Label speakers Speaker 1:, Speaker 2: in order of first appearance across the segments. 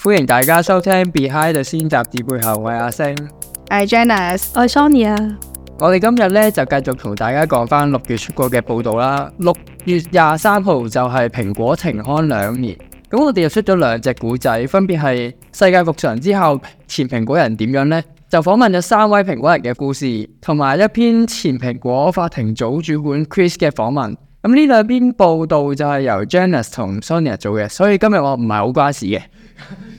Speaker 1: 歡迎大家收聽 Behind 先集誌背後，我係阿聲，我
Speaker 2: 係 Janice，我係 Sonia。
Speaker 1: 我哋今日咧就繼續同大家講翻六月出過嘅報道啦。六月廿三號就係蘋果停刊兩年，咁我哋又出咗兩隻古仔，分別係世界復常之後，前蘋果人點樣呢？就訪問咗三位蘋果人嘅故事，同埋一篇前蘋果法庭組主管 Chris 嘅訪問。咁呢兩篇報道就係由 Janice 同 Sonia 做嘅，所以今日我唔係好關事嘅。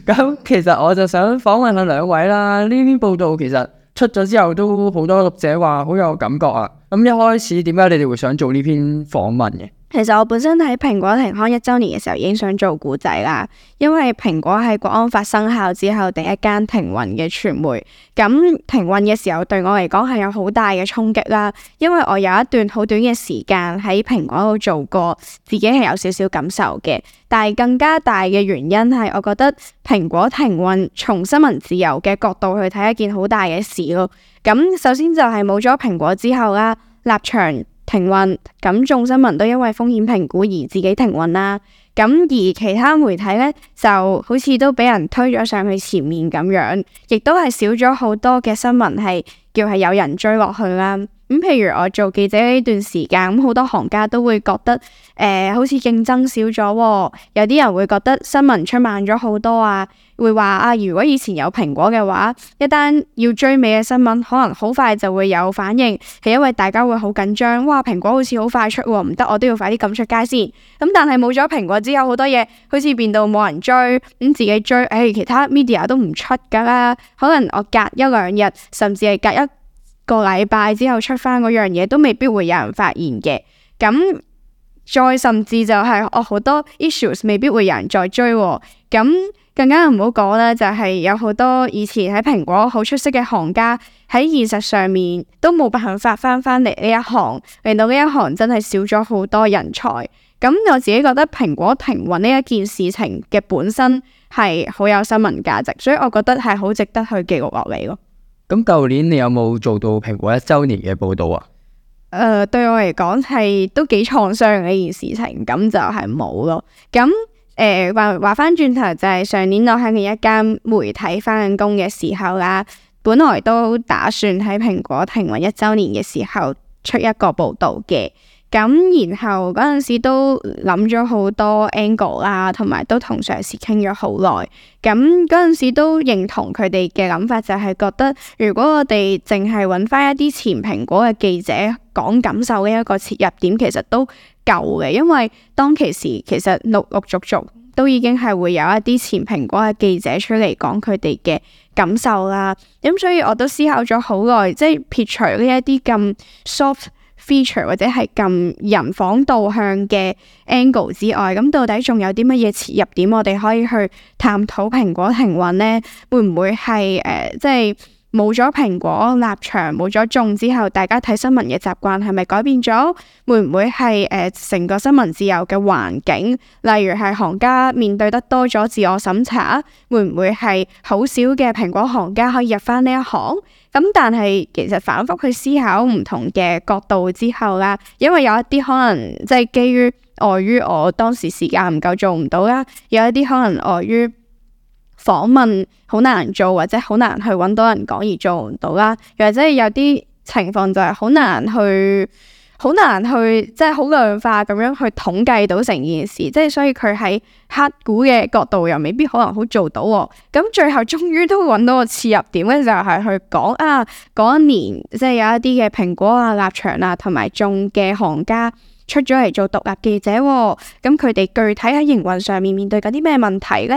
Speaker 1: 咁 其實我就想訪問下兩位啦。呢篇報道其實出咗之後，都好多讀者話好有感覺啊。咁一開始點解你哋會想做呢篇訪問嘅？
Speaker 3: 其實我本身喺蘋果停刊一周年嘅時候已經想做古仔啦，因為蘋果喺國安法生效之後第一間停運嘅傳媒，咁停運嘅時候對我嚟講係有好大嘅衝擊啦，因為我有一段好短嘅時間喺蘋果度做過，自己係有少少感受嘅，但係更加大嘅原因係我覺得蘋果停運從新聞自由嘅角度去睇一件好大嘅事咯，咁首先就係冇咗蘋果之後啦，立場。停運，咁眾新聞都因為風險評估而自己停運啦。咁而其他媒體呢，就好似都俾人推咗上去前面咁樣，亦都係少咗好多嘅新聞，係叫係有人追落去啦。咁譬、嗯、如我做記者呢段時間，咁、嗯、好多行家都會覺得誒、呃，好似競爭少咗、哦，有啲人會覺得新聞出慢咗好多啊，會話啊，如果以前有蘋果嘅話，一單要追尾嘅新聞，可能好快就會有反應，係因為大家會好緊張，哇，蘋果好似好快出、啊，唔得，我都要快啲咁出街先。咁、嗯、但係冇咗蘋果之後，好多嘢好似變到冇人追，咁、嗯、自己追，誒、哎，其他 media 都唔出㗎啦，可能我隔一兩日，甚至係隔一。個禮拜之後出翻嗰樣嘢都未必會有人發現嘅，咁再甚至就係我好多 issues，未必會有人再追、哦。咁更加唔好講啦，就係有好多以前喺蘋果好出色嘅行家喺現實上面都冇辦法翻翻嚟呢一行，令到呢一行真係少咗好多人才。咁我自己覺得蘋果停運呢一件事情嘅本身係好有新聞價值，所以我覺得係好值得去記錄落嚟咯。
Speaker 1: 咁舊年你有冇做到蘋果一周年嘅報道啊？
Speaker 3: 誒、呃，對我嚟講係都幾創傷嘅一件事情。情咁就係冇咯。咁誒、呃、話話返轉頭就係、是、上年我喺另一間媒體返緊工嘅時候啦，本來都打算喺蘋果停運一周年嘅時候出一個報道嘅。咁然後嗰陣時都諗咗好多 angle 啦，同埋都同上司傾咗好耐。咁嗰陣時都認同佢哋嘅諗法，就係覺得如果我哋淨係搵翻一啲前蘋果嘅記者講感受呢一個切入點，其實都夠嘅。因為當其時其實陸陸續續都已經係會有一啲前蘋果嘅記者出嚟講佢哋嘅感受啦。咁所以我都思考咗好耐，即係撇除呢一啲咁 soft。feature 或者係咁人訪導向嘅 angle 之外，咁到底仲有啲乜嘢切入點我哋可以去探討蘋果停刊咧？會唔會係誒、呃、即係。冇咗蘋果立場冇咗眾之後，大家睇新聞嘅習慣係咪改變咗？會唔會係誒成個新聞自由嘅環境？例如係行家面對得多咗自我審查，會唔會係好少嘅蘋果行家可以入返呢一行？咁但係其實反復去思考唔同嘅角度之後啦，因為有一啲可能即係、就是、基於礙於我當時時間唔夠做唔到啦，有一啲可能礙於。訪問好難做，或者好難去揾到人講而做唔到啦。又或者有啲情況就係好難去，好難去即係好量化咁樣去統計到成件事，即係所以佢喺黑股嘅角度又未必可能好做到。咁最後終於都揾到個切入點咧，就係去講啊嗰一年即係有一啲嘅蘋果啊、立場啊同埋種嘅行家。出咗嚟做獨立記者喎，咁佢哋具體喺營運上面面對緊啲咩問題呢？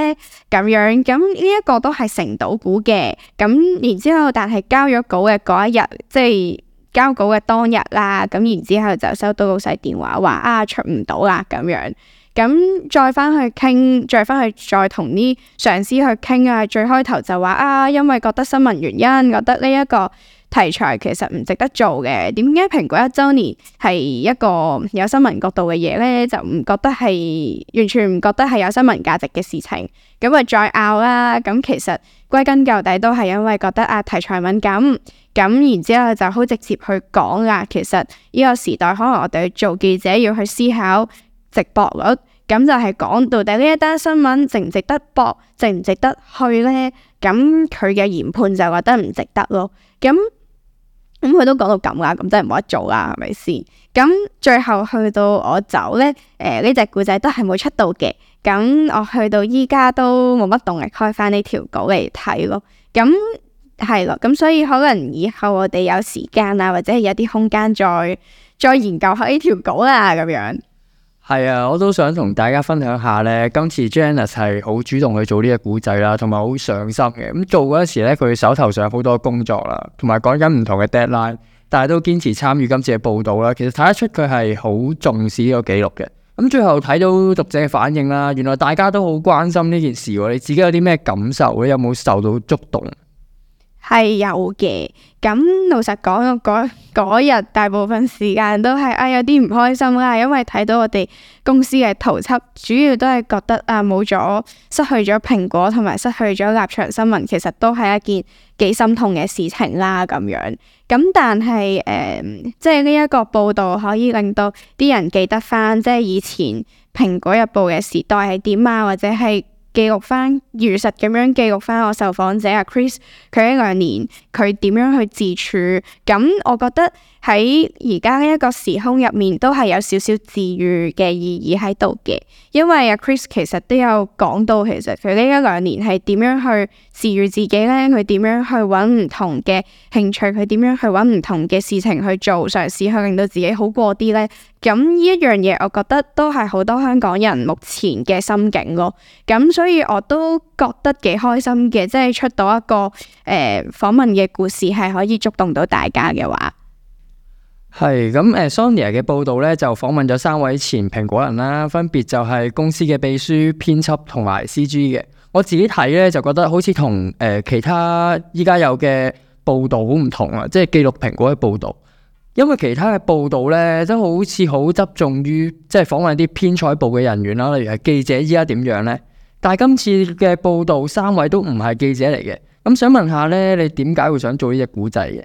Speaker 3: 咁樣咁呢一個都係成到估嘅，咁然之後，但係交咗稿嘅嗰一日，即係交稿嘅當日啦，咁然之後就收到老細電話話啊出唔到啦咁樣，咁再翻去傾，再翻去，再同啲上司去傾啊，最開頭就話啊，因為覺得新聞原因，覺得呢一個。題材其實唔值得做嘅，點解蘋果一周年係一個有新聞角度嘅嘢呢？就唔覺得係完全唔覺得係有新聞價值嘅事情，咁啊再拗啦，咁其實歸根究底都係因為覺得啊題材敏感，咁然之後就好直接去講啊。其實呢個時代可能我哋做記者要去思考值博率，咁就係講到底呢一單新聞值唔值得博，值唔值得去呢？咁佢嘅研判就覺得唔值得咯，咁。咁佢、嗯、都講到咁啦，咁真係冇得做啦，係咪先？咁最後去到我走咧，誒呢隻古仔都係冇出到嘅。咁我去到依家都冇乜動力開翻呢條稿嚟睇咯。咁係咯，咁所以可能以後我哋有時間啊，或者係有啲空間再再研究下呢條稿啦，咁樣。
Speaker 1: 係啊，我都想同大家分享下呢，今次 Janice 係好主動去做呢個古仔啦，同埋好上心嘅。咁做嗰陣時呢，佢手頭上有好多工作啦，同埋講緊唔同嘅 deadline，但係都堅持參與今次嘅報道啦。其實睇得出佢係好重視呢個記錄嘅。咁最後睇到讀者嘅反應啦，原來大家都好關心呢件事。你自己有啲咩感受咧？有冇受到觸動？
Speaker 3: 係有嘅，咁老實講，嗰日大部分時間都係啊，有啲唔開心啦，因為睇到我哋公司嘅圖輯，主要都係覺得啊，冇咗，失去咗蘋果同埋失去咗立場新聞，其實都係一件幾心痛嘅事情啦，咁樣。咁但係誒、呃，即係呢一個報道可以令到啲人記得翻，即係以前蘋果日報嘅時代係點啊，或者係。記錄翻，如實咁樣記錄翻我受訪者阿 Chris，佢呢兩年佢點樣去自處，咁我覺得。喺而家呢一個時空入面，都係有少少治癒嘅意義喺度嘅。因為阿 Chris 其實都有講到，其實佢呢一兩年係點樣去治癒自己呢？佢點樣去揾唔同嘅興趣？佢點樣去揾唔同嘅事情去做，嘗試去令到自己好過啲呢？咁呢一樣嘢，我覺得都係好多香港人目前嘅心境咯。咁所以我都覺得幾開心嘅，即係出到一個誒、呃、訪問嘅故事，係可以觸動到大家嘅話。
Speaker 1: 係咁，誒 Sonia 嘅報道咧，就訪問咗三位前蘋果人啦，分別就係公司嘅秘書、編輯同埋 CG 嘅。我自己睇咧，就覺得好似同誒其他依家，有嘅報道好唔同啊，即係記錄蘋果嘅報道。因為其他嘅報道咧，都好似好側重於即係訪問啲編採部嘅人員啦，例如係記者依家點樣咧。但係今次嘅報道，三位都唔係記者嚟嘅。咁想問下咧，你點解會想做呢隻古仔嘅？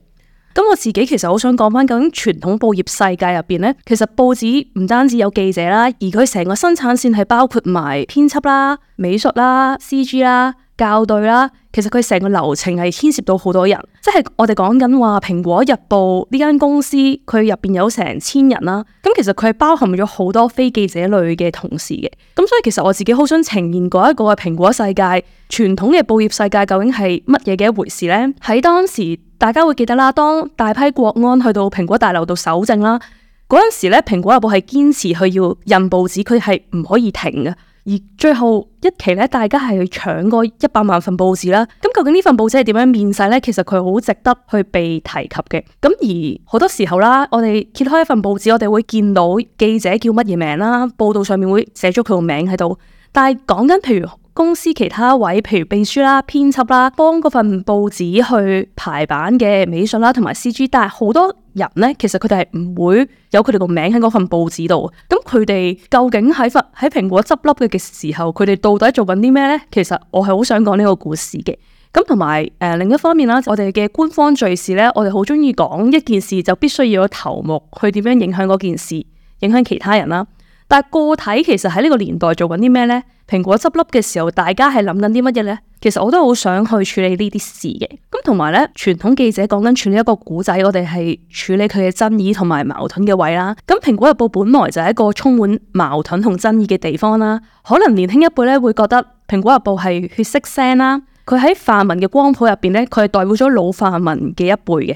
Speaker 2: 咁我自己其實好想講返，究竟傳統報業世界入面呢，其實報紙唔單止有記者啦，而佢成個生產線係包括埋編輯啦、美術啦、CG 啦。校對啦，其實佢成個流程係牽涉到好多人，即係我哋講緊話蘋果日報呢間公司，佢入邊有成千人啦。咁其實佢係包含咗好多非記者類嘅同事嘅。咁所以其實我自己好想呈現過一個係蘋果世界，傳統嘅報業世界究竟係乜嘢嘅一回事呢？喺當時大家會記得啦，當大批國安去到蘋果大樓度搜證啦，嗰陣時咧蘋果日報係堅持去要印報紙，佢係唔可以停嘅。而最後一期咧，大家係去搶嗰一百萬份報紙啦。咁究竟呢份報紙係點樣面世咧？其實佢好值得去被提及嘅。咁而好多時候啦，我哋揭開一份報紙，我哋會見到記者叫乜嘢名啦，報道上面會寫咗佢個名喺度。但係講緊譬如……公司其他位，譬如秘書啦、編輯啦，幫嗰份報紙去排版嘅美術啦，同埋 CG，但係好多人咧，其實佢哋係唔會有佢哋個名喺嗰份報紙度。咁佢哋究竟喺佛喺蘋果執笠嘅時候，佢哋到底做緊啲咩咧？其實我係好想講呢個故事嘅。咁同埋誒，另一方面啦，我哋嘅官方敘事咧，我哋好中意講一件事就必須要有頭目去點樣影響嗰件事，影響其他人啦、啊。但個體其實喺呢個年代做緊啲咩呢？蘋果執笠嘅時候，大家係諗緊啲乜嘢呢？其實我都好想去處理呢啲事嘅。咁同埋呢，傳統記者講緊處理一個故仔，我哋係處理佢嘅爭議同埋矛盾嘅位啦。咁蘋果日報本來就係一個充滿矛盾同爭議嘅地方啦。可能年輕一輩呢會覺得蘋果日報係血色聲啦。佢喺泛民嘅光譜入面呢，佢係代表咗老泛民嘅一輩嘅。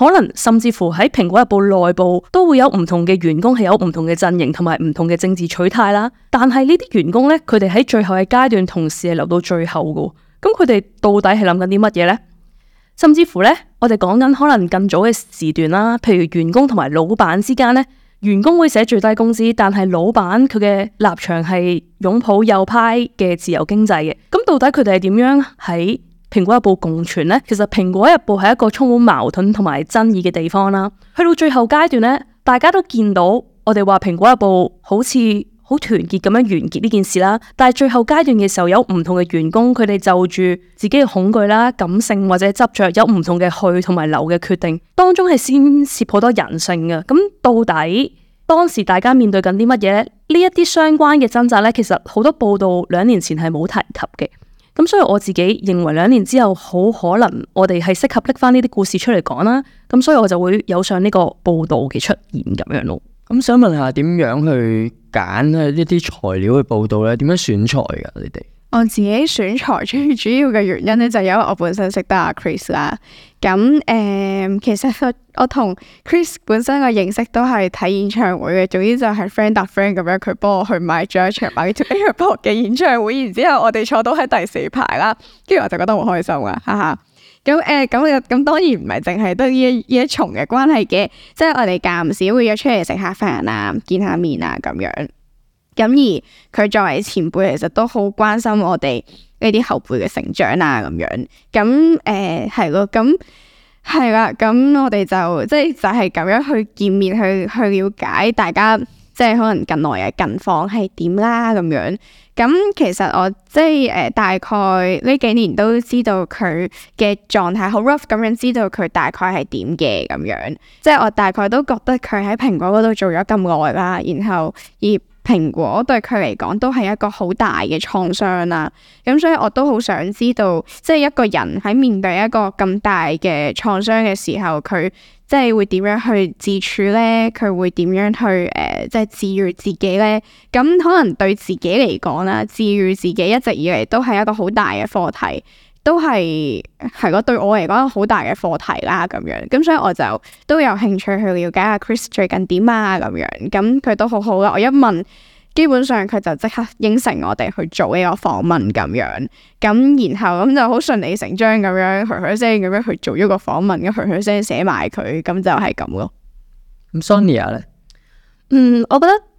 Speaker 2: 可能甚至乎喺蘋果日報內部都會有唔同嘅員工係有唔同嘅陣營同埋唔同嘅政治取態啦。但係呢啲員工呢，佢哋喺最後嘅階段同時係留到最後噶。咁佢哋到底係諗緊啲乜嘢呢？甚至乎呢，我哋講緊可能更早嘅時段啦，譬如員工同埋老闆之間呢，員工會寫最低工資，但係老闆佢嘅立場係擁抱右派嘅自由經濟嘅。咁到底佢哋係點樣喺？蘋果日報共存呢？其實蘋果日報係一個充滿矛盾同埋爭議嘅地方啦。去到最後階段呢，大家都見到我哋話蘋果日報好似好團結咁樣完結呢件事啦。但係最後階段嘅時候，有唔同嘅員工，佢哋就住自己嘅恐懼啦、感性或者執着，有唔同嘅去同埋留嘅決定當中，係先涉好多人性嘅。咁到底當時大家面對緊啲乜嘢呢？呢一啲相關嘅掙扎呢，其實好多報道兩年前係冇提及嘅。咁所以我自己認為兩年之後好可能我哋係適合拎翻呢啲故事出嚟講啦，咁所以我就會有上呢個報道嘅出現咁樣咯。咁想問下
Speaker 1: 點樣去揀呢啲材料去報道呢？點樣選材噶？你哋？
Speaker 3: 我自己選材最主要嘅原因咧，就因為我本身識得阿 Chris 啦。咁誒、嗯，其實我同 Chris 本身個認識都係睇演唱會嘅，總之就係 friend 搭 friend 咁樣，佢幫我去買最後一場買嘅 Tope 嘅演唱會，然之後我哋坐到喺第四排啦，跟住我就覺得好開心啊，哈哈。咁誒，咁、嗯、咁當然唔係淨係得呢一呢一重嘅關係嘅，即係我哋間唔少會約出嚟食下飯啊，見下面啊咁樣。咁而佢作為前輩，其實都好關心我哋呢啲後輩嘅成長啊，咁樣。咁誒係咯，咁係啦。咁我哋就即係就係咁樣去見面，去去了解大家，即係可能近來啊近況係點啦，咁樣。咁其實我即係誒、呃、大概呢幾年都知道佢嘅狀態好 rough 咁樣，知道佢大概係點嘅咁樣。即係我大概都覺得佢喺蘋果嗰度做咗咁耐啦，然後而。蘋果對佢嚟講都係一個好大嘅創傷啦，咁所以我都好想知道，即係一個人喺面對一個咁大嘅創傷嘅時候，佢即係會點樣去自處呢？佢會點樣去誒，即係治愈自己呢？咁可能對自己嚟講啦，治愈自己一直以嚟，都係一個好大嘅課題。都係係咯，對我嚟講好大嘅課題啦，咁樣咁所以我就都有興趣去了解下 Chris 最近點啊，咁樣咁佢都好好啦。我一問，基本上佢就即刻應承我哋去做呢個訪問咁樣，咁然後咁就好順理成章咁樣，噓噓聲咁樣去做一個訪問，咁噓
Speaker 2: 噓聲寫埋佢，咁就係
Speaker 1: 咁咯。咁 Sonia 咧，
Speaker 2: 嗯，我覺得。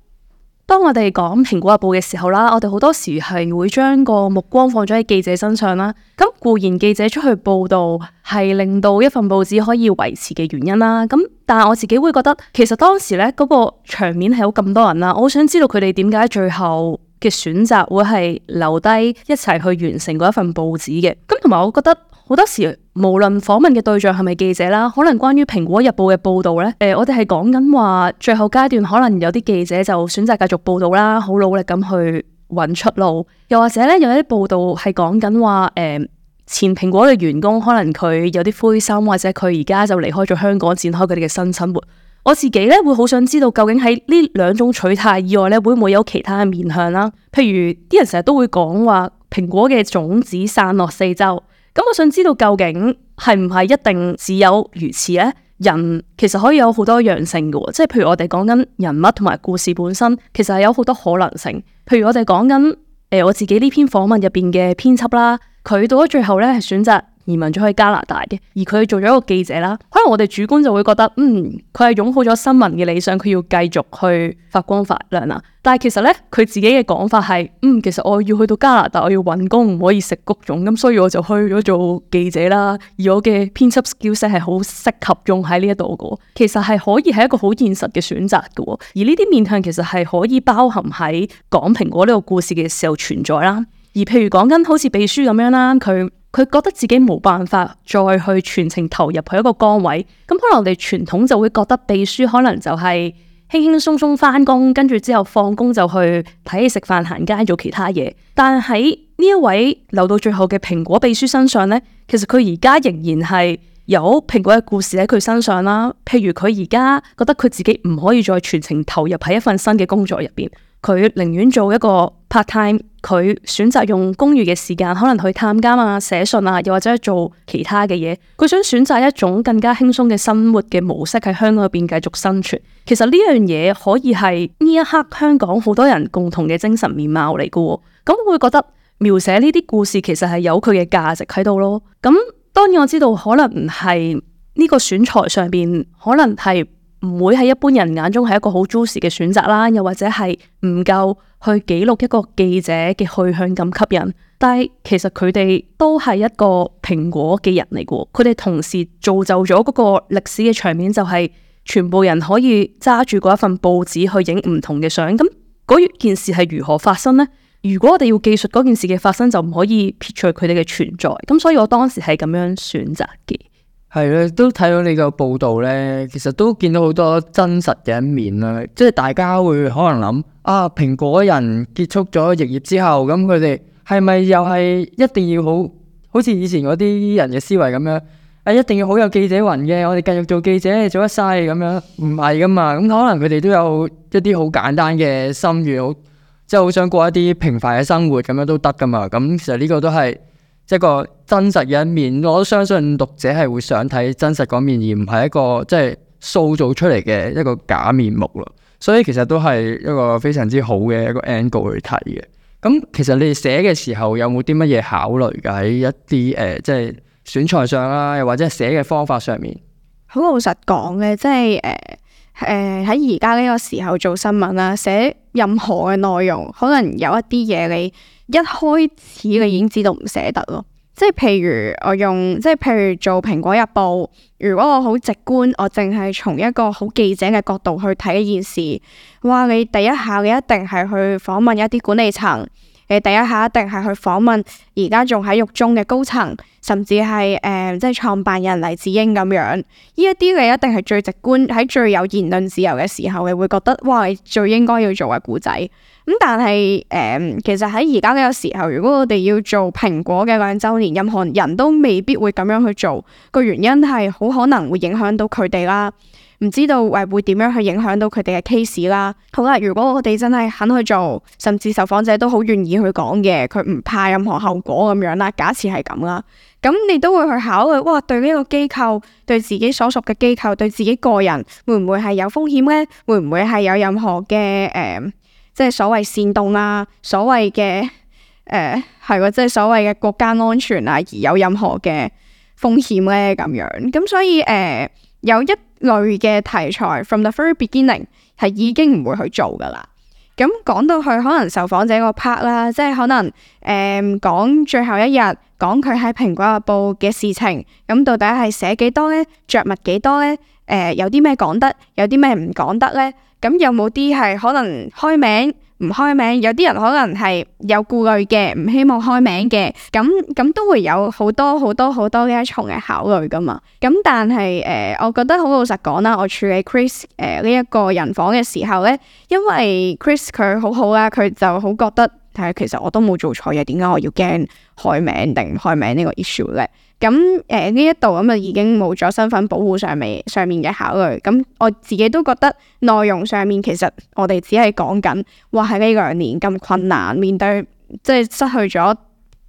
Speaker 2: 當我哋講蘋果日報嘅時候啦，我哋好多時係會將個目光放咗喺記者身上啦。咁固然記者出去報道係令到一份報紙可以維持嘅原因啦。咁但係我自己會覺得，其實當時呢嗰個場面係有咁多人啦，我好想知道佢哋點解最後嘅選擇會係留低一齊去完成嗰一份報紙嘅。咁同埋我覺得好多時。無論訪問嘅對象係咪記者啦，可能關於蘋果日報嘅報道呢，誒、呃，我哋係講緊話，最後階段可能有啲記者就選擇繼續報道啦，好努力咁去揾出路，又或者呢，有一啲報道係講緊話，誒、呃，前蘋果嘅員工可能佢有啲灰心，或者佢而家就離開咗香港，展開佢哋嘅新生活。我自己呢，會好想知道，究竟喺呢兩種取態以外呢，會唔會有其他嘅面向啦？譬如啲人成日都會講話，蘋果嘅種子散落四周。咁我想知道究竟係唔係一定只有如此咧？人其實可以有好多樣性嘅、哦，即係譬如我哋講緊人物同埋故事本身，其實係有好多可能性。譬如我哋講緊、呃、我自己呢篇訪問入面嘅編輯啦，佢到咗最後呢，係選擇，移民咗去加拿大嘅，而佢做咗一個記者啦。可能我哋主觀就會覺得，嗯，佢係擁好咗新聞嘅理想，佢要繼續去發光發亮啦。但係其實咧，佢自己嘅講法係，嗯，其實我要去到加拿大，我要揾工，唔可以食谷種，咁所以我就去咗做記者啦。而我嘅編輯 skills 係好適合用喺呢一度嘅，其實係可以係一個好現實嘅選擇嘅。而呢啲面向其實係可以包含喺講蘋果呢個故事嘅時候存在啦。而譬如講緊好似秘書咁樣啦，佢。佢覺得自己冇辦法再去全程投入喺一個崗位，咁可能我哋傳統就會覺得秘書可能就係輕輕鬆鬆返工，跟住之後放工就去睇食飯、行街、做其他嘢。但喺呢一位留到最後嘅蘋果秘書身上呢，其實佢而家仍然係有蘋果嘅故事喺佢身上啦。譬如佢而家覺得佢自己唔可以再全程投入喺一份新嘅工作入邊。佢寧願做一個 part time，佢選擇用公餘嘅時間，可能去探監啊、寫信啊，又或者做其他嘅嘢。佢想選擇一種更加輕鬆嘅生活嘅模式喺香港入邊繼續生存。其實呢樣嘢可以係呢一刻香港好多人共同嘅精神面貌嚟嘅，哦。咁我會覺得描寫呢啲故事其實係有佢嘅價值喺度咯。咁當然我知道可能唔係呢個選材上邊可能係。唔會喺一般人眼中係一個好 juicy 嘅選擇啦，又或者係唔夠去記錄一個記者嘅去向咁吸引。但係其實佢哋都係一個蘋果嘅人嚟㗎，佢哋同時造就咗嗰個歷史嘅場面，就係全部人可以揸住嗰一份報紙去影唔同嘅相。咁嗰件事係如何發生呢？如果我哋要記述嗰件事嘅發生，就唔可以撇除佢哋嘅存在。咁所以我當時係咁樣選擇嘅。係咧，都
Speaker 1: 睇到你個報道咧，其實都見到好多真實嘅一面啦。即係大家會可能諗啊，蘋果人結束咗營業之後，咁佢哋係咪又係一定要好好似以前嗰啲人嘅思維咁樣？啊，一定要好有記者魂嘅，我哋繼續做記者做一世咁樣，唔係噶嘛。咁可能佢哋都有一啲好簡單嘅心願，好即係好想過一啲平凡嘅生活，咁樣都得噶嘛。咁其實呢個都係。一個真實嘅一面，我都相信讀者係會想睇真實嗰面，而唔係一個即係塑造出嚟嘅一個假面目咯。所以其實都係一個非常之好嘅一個 angle 去睇嘅。咁其實你哋寫嘅時候有冇啲乜嘢考慮嘅喺一啲誒、呃，即係選材上啦，又或者寫嘅方法上面？
Speaker 3: 好老實講嘅，即係誒。呃誒，喺而家呢個時候做新聞啦，寫任何嘅內容，可能有一啲嘢你一開始你已經知道唔寫得咯。嗯、即係譬如我用，即係譬如做蘋果日報，如果我好直觀，我淨係從一個好記者嘅角度去睇一件事，哇！你第一下你一定係去訪問一啲管理層。誒，第一下一定係去訪問而家仲喺獄中嘅高層，甚至係誒、嗯，即係創辦人黎智英咁樣，呢一啲嘅一定係最直觀，喺最有言論自由嘅時候，你會覺得哇，你最應該要做嘅故仔。咁、嗯、但係誒、嗯，其實喺而家呢個時候，如果我哋要做蘋果嘅兩周年，任何人都未必會咁樣去做。個原因係好可能會影響到佢哋啦。唔知道誒，會點樣去影響到佢哋嘅 case 啦。好啦，如果我哋真係肯去做，甚至受訪者都好願意去講嘅，佢唔怕任何後果咁樣啦。假設係咁啦，咁你都會去考慮，哇！對呢個機構，對自己所屬嘅機構，對自己個人，會唔會係有風險呢？會唔會係有任何嘅誒、呃，即係所謂煽動啊，所謂嘅誒係喎，即係所謂嘅國家安全啊，而有任何嘅風險呢？」咁樣。咁所以誒。呃有一類嘅題材 from the very beginning 係已經唔會去做噶啦。咁講到去可能受訪者個 part 啦，即係可能誒講、嗯、最後一日，講佢喺《蘋果日報》嘅事情，咁到底係寫幾多呢？著墨幾多呢？誒、呃，有啲咩講得，有啲咩唔講得呢？咁有冇啲係可能開名？唔開名，有啲人可能係有顧慮嘅，唔希望開名嘅，咁咁都會有好多好多好多呢一重嘅考慮噶嘛。咁但係誒、呃，我覺得好老實講啦，我處理 Chris 誒呢一個人房嘅時候咧，因為 Chris 佢好好啊，佢就好覺得誒，其實我都冇做錯嘢，點解我要驚開名定唔開名個呢個 issue 咧？咁誒，呢一度咁啊，已經冇咗身份保護上面上面嘅考慮，咁我自己都覺得內容上面其實我哋只係講緊話喺呢兩年咁困難面對，即係失去咗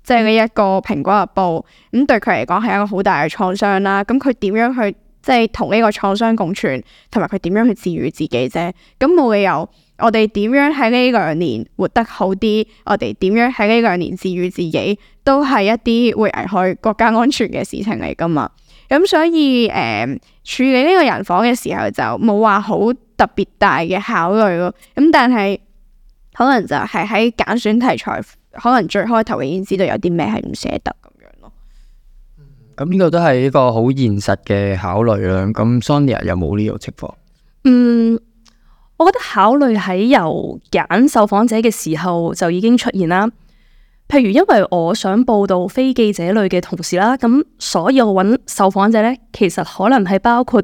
Speaker 3: 即係呢一個《蘋果日報》，咁對佢嚟講係一個好大嘅創傷啦。咁佢點樣去即係同呢個創傷共存，同埋佢點樣去治癒自己啫？咁冇理由。我哋點樣喺呢兩年活得好啲？我哋點樣喺呢兩年治癒自己？都係一啲會危害國家安全嘅事情嚟噶嘛？咁、嗯、所以誒、嗯，處理呢個人房嘅時候就冇話好特別大嘅考慮咯。咁、嗯、但係可能就係喺揀選題材，可能最開頭已經知道有啲
Speaker 2: 咩係唔捨得咁樣咯。
Speaker 1: 咁呢個都係一個好現實嘅考慮啦。咁 Sonia 又冇呢個情況？
Speaker 2: 嗯。我覺得考慮喺由揀受訪者嘅時候就已經出現啦。譬如因為我想報道非記者類嘅同事啦，咁所以我揾受訪者咧，其實可能係包括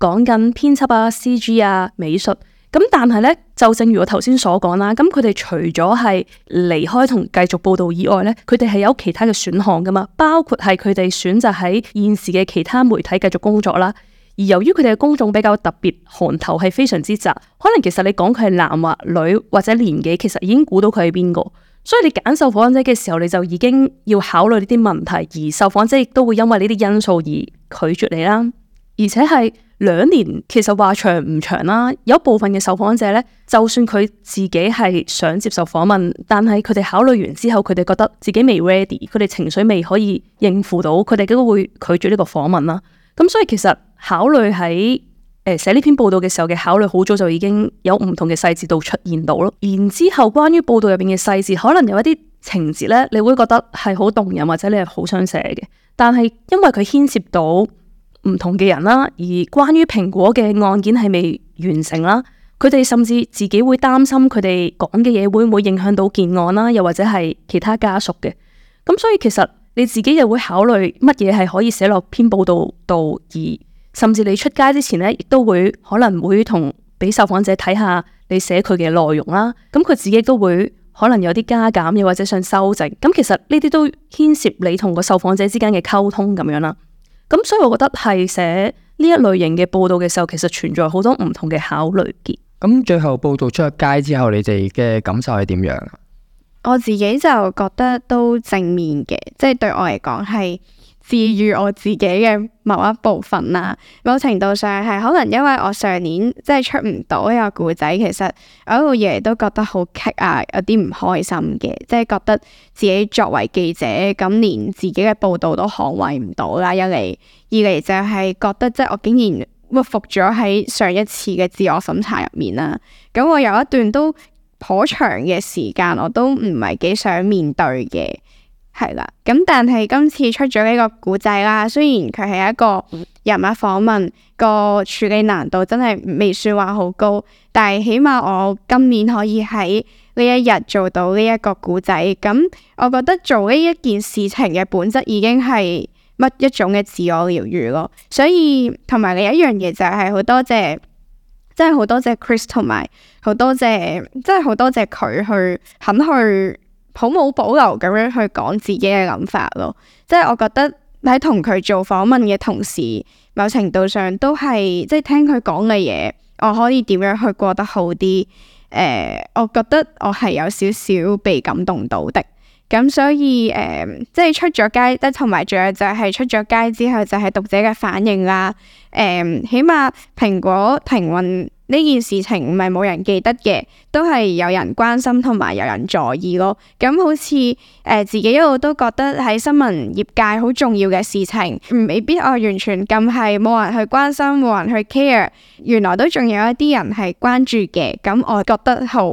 Speaker 2: 講緊編輯啊、CG 啊、美術。咁但係咧，就正如我頭先所講啦，咁佢哋除咗係離開同繼續報道以外咧，佢哋係有其他嘅選項噶嘛，包括係佢哋選擇喺現時嘅其他媒體繼續工作啦。而由於佢哋嘅工種比較特別，行頭係非常之窄。可能其實你講佢係男或女或者年紀，其實已經估到佢係邊個，所以你揀受訪者嘅時候，你就已經要考慮呢啲問題，而受訪者亦都會因為呢啲因素而拒絕你啦。而且係兩年，其實話長唔長啦，有部分嘅受訪者咧，就算佢自己係想接受訪問，但係佢哋考慮完之後，佢哋覺得自己未 ready，佢哋情緒未可以應付到，佢哋都會拒絕呢個訪問啦。咁所以其實……考慮喺誒寫呢篇報道嘅時候嘅考慮，好早就已經有唔同嘅細節度出現到咯。然之後關於報道入邊嘅細節，可能有一啲情節咧，你會覺得係好動人，或者你係好想寫嘅。但係因為佢牽涉到唔同嘅人啦，而關於蘋果嘅案件係未完成啦，佢哋甚至自己會擔心佢哋講嘅嘢會唔會影響到件案啦，又或者係其他家屬嘅。咁所以其實你自己又會考慮乜嘢係可以寫落篇報道度而。甚至你出街之前咧，亦都會可能會同俾受訪者睇下你寫佢嘅內容啦。咁佢自己都會可能有啲加減，又或者想修正。咁其實呢啲都牽涉你同個受訪者之間嘅溝通咁樣啦。咁所以我覺得係寫呢一類型嘅報道嘅時候，其實存在好多唔同嘅考慮嘅。
Speaker 1: 咁最後報道出街之後，你哋嘅感受係點樣啊？
Speaker 2: 我自己
Speaker 3: 就覺得都正面嘅，即係對我嚟講係。治癒我自己嘅某一部分啦，啊，某程度上係可能因為我上年即係出唔到呢個故仔，其實我一路以嚟，都覺得好棘牙，有啲唔開心嘅，即係覺得自己作為記者咁，連自己嘅報道都捍衛唔到啦。一嚟，二嚟就係覺得即係我竟然屈服咗喺上一次嘅自我審查入面啦。咁我有一段都頗長嘅時間，我都唔係幾想面對嘅。係啦，咁但係今次出咗呢個古仔啦，雖然佢係一個人物訪問，個處理難度真係未算話好高，但係起碼我今年可以喺呢一日做到呢一個古仔，咁、嗯、我覺得做呢一件事情嘅本質已經係乜一種嘅自我療愈咯。所以同埋另一樣嘢就係好多謝，真係好多謝 Chris 同埋好多謝，真係好多謝佢去肯去。好冇保留咁樣去講自己嘅諗法咯，即係我覺得喺同佢做訪問嘅同時，某程度上都係即係聽佢講嘅嘢，我可以點樣去過得好啲？誒、呃，我覺得我係有少少被感動到的。咁所以誒、呃，即係出咗街，同埋仲有就係出咗街之後就係讀者嘅反應啦。誒、呃，起碼蘋果平穩呢件事情唔係冇人記得嘅，都係有人關心同埋有人在意咯。咁好似誒、呃，自己一路都覺得喺新聞業界好重要嘅事情，未必我完全咁係冇人去關心，冇人去 care。原來都仲有一啲人係關注嘅，咁我覺得
Speaker 2: 好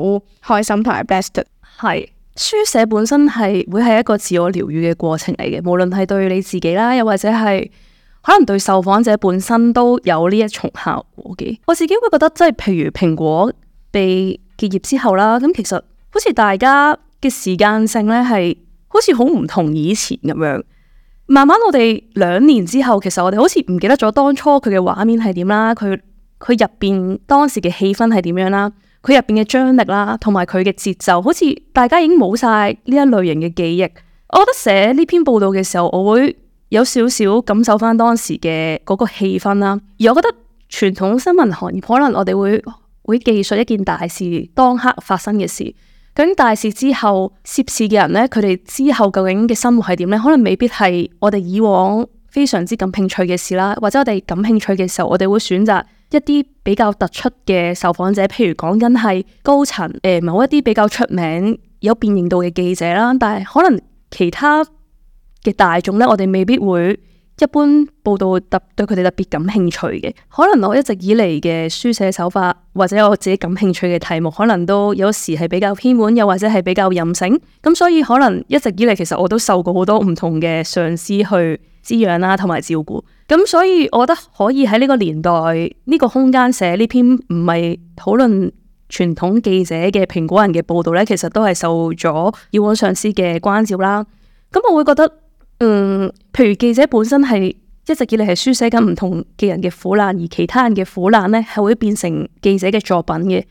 Speaker 2: 開心同埋 best，係書寫本身係會係一個自我療愈嘅過程嚟嘅，無論係對你自己啦，又或者係。可能對受訪者本身都有呢一重效果嘅，我自己會覺得即係，譬如蘋果被結業之後啦，咁其實好似大家嘅時間性咧係好似好唔同以前咁樣。慢慢我哋兩年之後，其實我哋好似唔記得咗當初佢嘅畫面係點啦，佢佢入邊當時嘅氣氛係點樣啦，佢入邊嘅張力啦，同埋佢嘅節奏，好似大家已經冇晒呢一類型嘅記憶。我覺得寫呢篇報道嘅時候，我會。有少少感受翻當時嘅嗰個氣氛啦。而我覺得傳統新聞行業，可能我哋會會記述一件大事當刻發生嘅事。咁大事之後涉事嘅人咧，佢哋之後究竟嘅生活係點咧？可能未必係我哋以往非常之感興趣嘅事啦。或者我哋感興趣嘅時候，我哋會選擇一啲比較突出嘅受訪者，譬如講緊係高層誒、呃、某一啲比較出名有辨認度嘅記者啦。但係可能其他。嘅大眾咧，我哋未必會一般報道特對佢哋特別感興趣嘅。可能我一直以嚟嘅書寫手法，或者我自己感興趣嘅題目，可能都有時係比較偏門，又或者係比較任性。咁所以可能一直以嚟，其實我都受過好多唔同嘅上司去滋養啦，同埋照顧。咁所以，我覺得可以喺呢個年代、呢個空間寫呢篇唔係討論傳統記者嘅蘋果人嘅報導咧，其實都係受咗以往上司嘅關照啦。咁我會覺得。嗯，譬如記者本身係一直以嚟係書寫緊唔同嘅人嘅苦難，而其他人嘅苦難呢係會變成記者嘅作品嘅。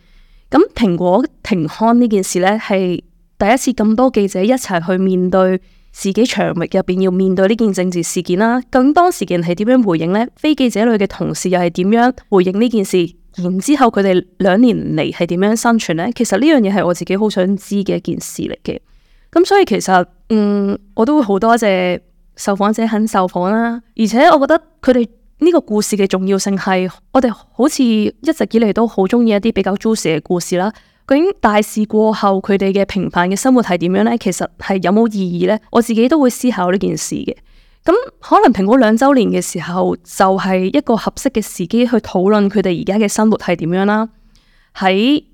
Speaker 2: 咁、嗯、蘋果停刊呢件事呢，係第一次咁多記者一齊去面對自己場域入邊要面對呢件政治事件啦。咁當時嘅人係點樣回應呢？非記者類嘅同事又係點樣回應呢件事？然之後佢哋兩年嚟係點樣生存呢？其實呢樣嘢係我自己好想知嘅一件事嚟嘅。咁、嗯、所以其實。嗯，我都會好多謝受訪者肯受訪啦、啊。而且我覺得佢哋呢個故事嘅重要性係，我哋好似一直以嚟都好中意一啲比較 juicy 嘅故事啦。究竟大事過後佢哋嘅平凡嘅生活係點樣呢？其實係有冇意義呢？我自己都會思考呢件事嘅。咁、嗯、可能蘋果兩周年嘅時候就係、是、一個合適嘅時機去討論佢哋而家嘅生活係點樣啦。喺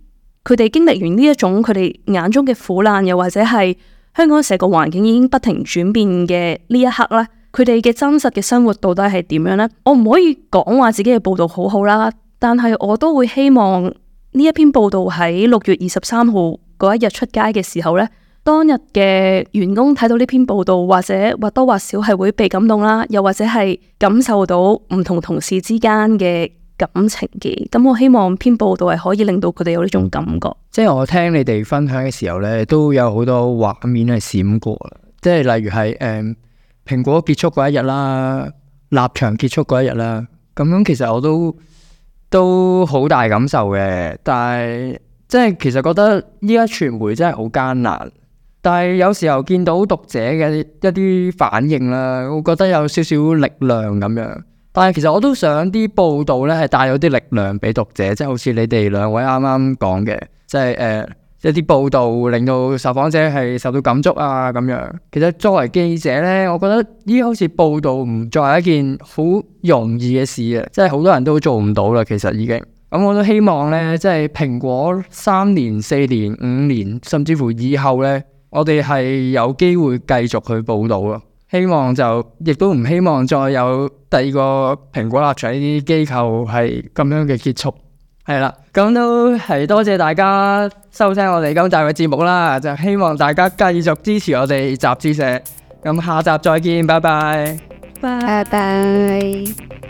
Speaker 2: 佢哋經歷完呢一種佢哋眼中嘅苦難，又或者係香港成個環境已經不停轉變嘅呢一刻咧，佢哋嘅真實嘅生活到底係點樣咧？我唔可以講話自己嘅報道好好啦，但係我都會希望呢一篇報道喺六月二十三號嗰一日出街嘅時候咧，當日嘅員工睇到呢篇報道，或者或多或少係會被感動啦，又或者係感受到唔同同事之間嘅。感情嘅，咁我希望篇報道係可以令到佢哋有呢種感覺。嗯，即
Speaker 1: 係我聽你哋分享嘅時候呢，都有好多畫面係閃過啦。即係例如係誒蘋果結束嗰一日啦，立場結束嗰一日啦，咁樣其實我都都好大感受嘅。但係即係其實覺得依家傳媒真係好艱難。但係有時候見到讀者嘅一啲反應啦，我覺得有少少力量咁樣。但係其實我都想啲報道咧，係帶有啲力量俾讀者，即係好似你哋兩位啱啱講嘅，即係誒、呃、一啲報道令到受訪者係受到感觸啊，咁樣。其實作為記者咧，我覺得依家好似報道唔再係一件好容易嘅事啊，即係好多人都做唔到啦。其實已經咁、嗯，我都希望咧，即係蘋果三年、四年、五年，甚至乎以後咧，我哋係有機會繼續去報道咯。希望就亦都唔希望再有第二個蘋果立場呢啲機構係咁樣嘅結束，係啦。咁都係多謝大家收聽我哋今集嘅節目啦，就希望大家繼續支持我哋集誌社。咁下集再見，拜拜，拜拜。